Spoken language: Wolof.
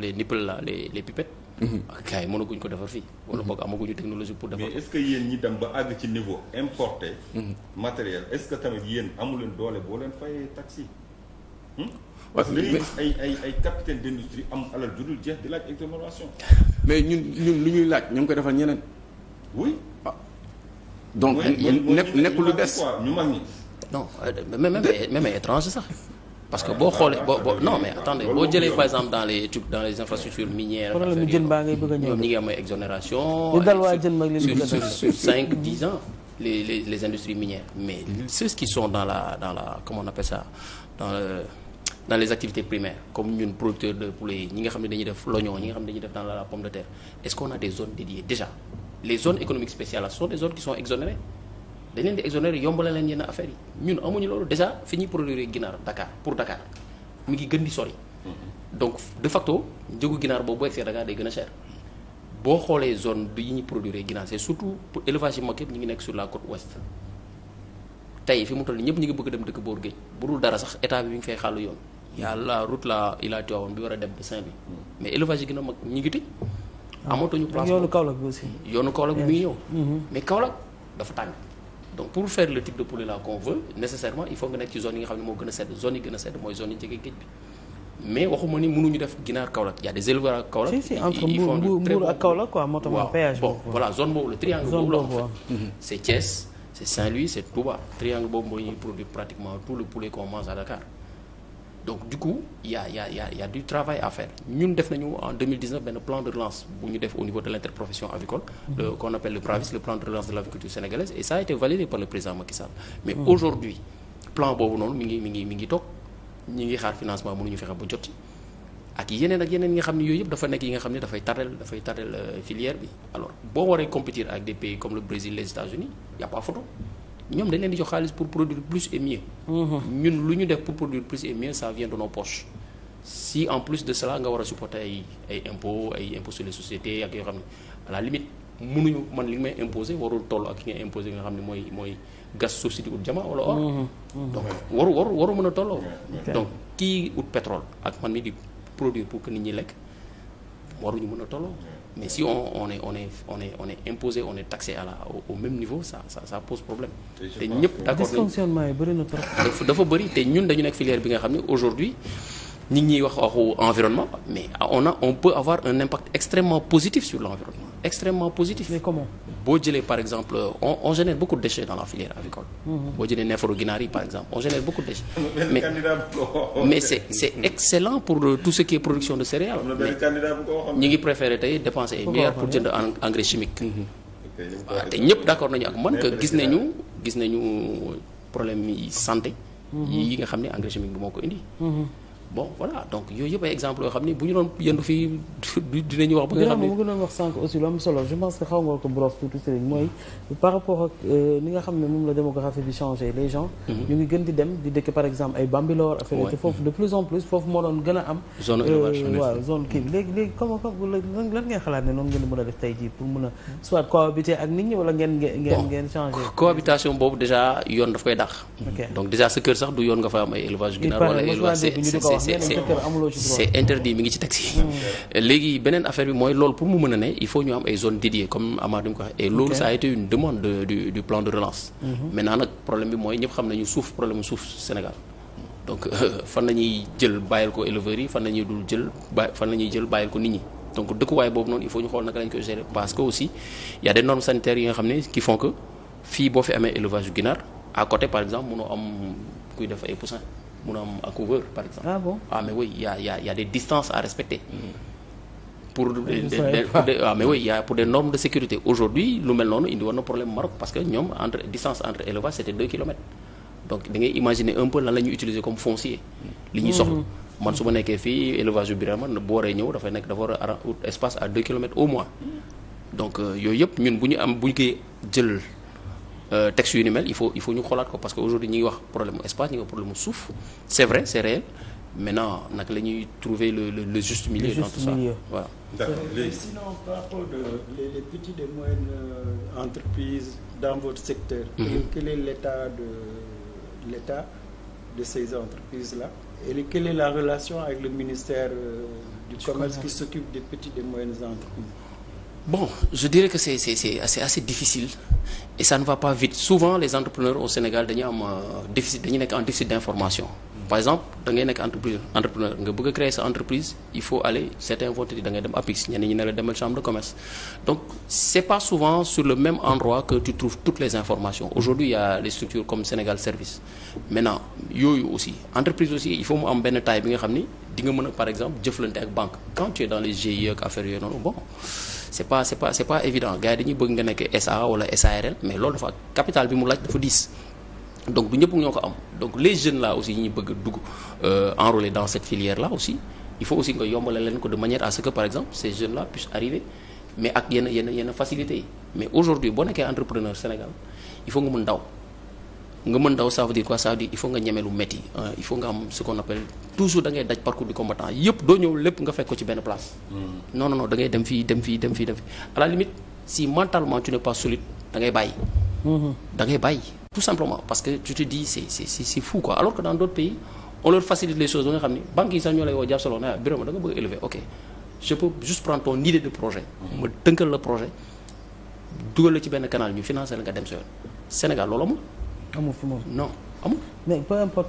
les nipples là les les pipettes. Mhm. Ah, gars yi mënaguñ ko defar fii. wala boog mhm. amaguñu technologie pour defar. mais est-ce que yéen ñi dem ba àgg ci niveau importé. Mhm. matériel est-ce que tamit yéen amuleen doole boo leen fayee taxi. Hmm? parce que dañuy gis ay ay ay capitaine d'industrie am alal ju dul jeex di laaj exonération. mais ñun ñun lu ñuy laaj ñoo ngi koy defal ñeneen. oui. Ah. donc nekk nekk lu des. ñu mag ñi. non même euh, même étranger sax. parce que boo xoolee boo boo non mais attendez boo jëlee par exemple dans les trucs dans les infrastructures minières. problème jën baa ngay a am ay exonération. sur cinq dix ans. les industries minières mais ceux qui sont dans la dans on appelle ça dans les activités primaires comme ñun producteurs de poulet yi ñi nga xam ne dañuy def l'oignon ñi nga xam ne dañuy def dans la pomme de terre est-ce qu'on a des zones dédiées déjà les zones économiques spéciales là des zones dañ leen di exonérer yombala leen yenn affaire yi ñun amuñu loolu déjà fi ñu produire ginaar Dakar pour Dakar mu ngi gën di sori. Mhm. donc de facto njëgu ginaar boobu boo egsee Dakar day gën a cher. boo xoolee zone bi yi ñuy produire ginaar surtout pour élevage yi mag yëpp ñu ngi nekk sur la côte ouest tey fi mu toll nii ñëpp ñu ngi bëgg dem dëkk boor géej bu dul dara sax état bi mi ngi fay xaalu yoon. y'a la route la Ila Tivaouane bi war a dem ba saint mm. mais élevage yi gën mag ñu ngi tëj. Ah. amatuñu place yoonu Kaolack yoonu Kaolack bi mi ngi ñëw. Mm-hmm. mais Kaolack dafa donc pour faire le type de poulet là qu'on veut nécessairement il faut nga nekk ci zone yi nga xam ne moo gën a sedd zone yi gën a sedd mooy zone yi jege géej bi mais waxuma ni mënuñu def ginaar Kaolack y a des éleveurs si si entre Mbour Mbour triangle boobu la mooy ñuy pratiquement tout le poulet qu'on à Dakar donc du coup y' a y' a y' a y' a du travail à faire ñun def nañu en 2019 benn plan de relance bu ñu def au niveau de l' interprofession mm-hmm. le qu'on appelle le PRAVIS le plan de relance de l' sénégalaise et ça a été par le président Macky Sall. mais mm-hmm. aujourd'hui plan boobu noonu mi ngi mi ngi mi ngi toog ñi ngi xaar financement mënuñu fexe ba jot ci ak yeneen ak yeneen yi nga xam ne yooyu yëpp dafa nekk yi nga xam ne dafay tardel dafay tardel euh, filière bi boo waree compétir ak des pays comme le ñoom dañ leen di jox xaalis pour produire plus et mieux. Mhm. ñun lu ñu def pour produire plus et mieux ça vient de nos si en plus de cela nga war a supporter ay ay impôts ay impôts sur les yoo xam ne à la limite mënuñu man li may imposer warul toll ak ki nga imposer nga xam ne mooy mooy gas suuf si di ut jama wala or. Mhm, mhm. donc waru waru waru mën a tolloo. donc kii ut pétrole ak man mi di produire pour que nit ñi lekk waruñu mën a tolloo. mais si on, on est on est on est on est imposé on est taxé à la au, au même niveau ça ça ça pose problème. te ñëpp d'accord dysfonctionnement yi bëri trop. dafa bëri te ñun dañu nekk filière bi nga xam ne aujourd'hui ñi ngi ñuy wax waxu environnement mais on a on peut avoir un impact extrêmement positif sur l'environnement extrêmement positif. boo jëlee par exemple on on génère beaucoup de déchets dans la filière avicole. Mm-hmm. boo jëlee neefaru ginaar yi par exemple on génère beaucoup déchets. mais mais c'est excellent pour tout ce qui est production de céréales. mais ñi ngi préférer tey dépenser ay milliards pour jënd engrais chimique. waaw mm-hmm. te ñëpp d'accord nañu ak man que gis nañu gis nañu problème yi santé. Mm-hmm. yi nga xam ne engrais chimique bi moo ko bon voilà donc yooyu yëpp exemple yoo xam ni bu ñu doon yëndu fi dinañu wax ba nga xam ne ma gënoon wax sànq aussi lu am solo je pense que xaw nga ko brosse tuuti Serigne mooy par rapport ak euh, ni nga xam ne moom la démographie bi changé les mhm. ñu ngi gën di dem di dëkk par exemple ay Bambilor affaire te foofu de plus en plus foofu moo doon gën a am zone euh, kii léegi léegi comment comme lan ngeen xalaat ne noonu ngeen mën a def tey jii pour mën a soit cohabitation boobu déjà yoon daf koy dàq donc léegi beneen affaire bi mooy loolu pour mu mën a ne il faut ñu am ay zones dédiées comme Amadou ko waxee et loolu ça a été demande du du plan de relance mhm. maintenant nag problème bi mooy ñëpp xam nañu suuf problème suuf Sénégal donc euh, fan la jël bàyyil ko éleveurs fan la ñuy jël ba fan la ñuy jël bàyyil ko nit ñi donc dëkkuwaay boobu noonu il faut ñu xool naka lañ koy gérer parce que aussi il y a des normes xam ne qui font que fii boo fi amee élevage yu a ah ah, y a pour waaw ah, mais oui a pour des normes de sécurité aujourd'hui lu mel noonu indi woon na problème Maroc parce que ñoom entre distance entre élevage c'était deux kilomètres donc da ngay imaginer la ñuy utiliser comme foncier li ñuy soxla mm-hmm. man su ma nekkee fii élevage yu Birama bu waree ñëw dafay nekk dafa war a espace à deux kilomètres au moins donc euh, yooyu yëpp ñun bu ñu am bu ñu koy jël euh, texte yu ni mel il faut ñu xoolaat ko parce que aujourd'hui ñi ngi wax problème mu espace ñi ngi wax problème mu mais maintenant nag la ñuy trouver le, le le juste milieu. le juste dans tout milieu. ça voilà. d'accord léegi sinon par rapport de les, les petites et moyennes euh, dans votre secteur. Mm-hmm. quel est l'état de l'état de ces entreprises là. et quelle est la relation avec le ministère euh, du je commerce connais. qui s'occupe des petites et moyennes entreprises. je dirais que c'est assez, difficile et ça ne va pas vite. Souvent les entrepreneurs au Sénégal dañu am euh, déficit dañu nekk en déficit d'information. par exemple da nekk entrepreneur nga bëgg a créer sa entreprise il faut aller certains vont te dire da ngay dem APIX ñenn ñi ne la demal chambre de commerce donc c'est pas souvent sur le même endroit que tu trouves toutes les informations aujourd'hui il y a comme Sénégal Service maintenant yooyu aussi entreprise aussi il faut mu am benn taille bi nga xam ni di nga mën a par exemple jëflante ak banque quand tu es dans les GIE ak affaires yooyu noonu bon donc du ñëpp ñoo ko am donc les jeunes là aussi ñu bëgg dugg euh, enrôler dans cette filière la aussi il faut aussi nga yombale leen ko de manière à ce que par exemple ces jeunes là puissent arriver mais ak yenn yenn yenn facilité yi mais aujourd'hui boo nekkee entrepreneur Sénégal il faut nga mën daw nga mën daw ça veut dire quoi ça veut dire il faut nga ñeme lu métti il faut nga am ce qu'on appelle toujours da ngay daj parcours du combattant yëpp doo ñëw lépp nga fekk ko ci benn place. Hmm. non fii dem fii dem fii dem fii à la limite si mentalement tu da ngay bàyyi. Hmm. da ngay bàyyi. tout simplement parce que tu te dis c'est c'est c'est fou quoi alors que dans d'autres pays on leur facilite les choses ba nga xam ni banques yi sax ñoo lay woo jàpp bureau ma da bëgg élever ok je peux juste prendre ton idée de projet ma tënkal la projet dugal la ci benn canal ñu financer la nga dem sa yoon Sénégal loolu amul amul non amul mais peu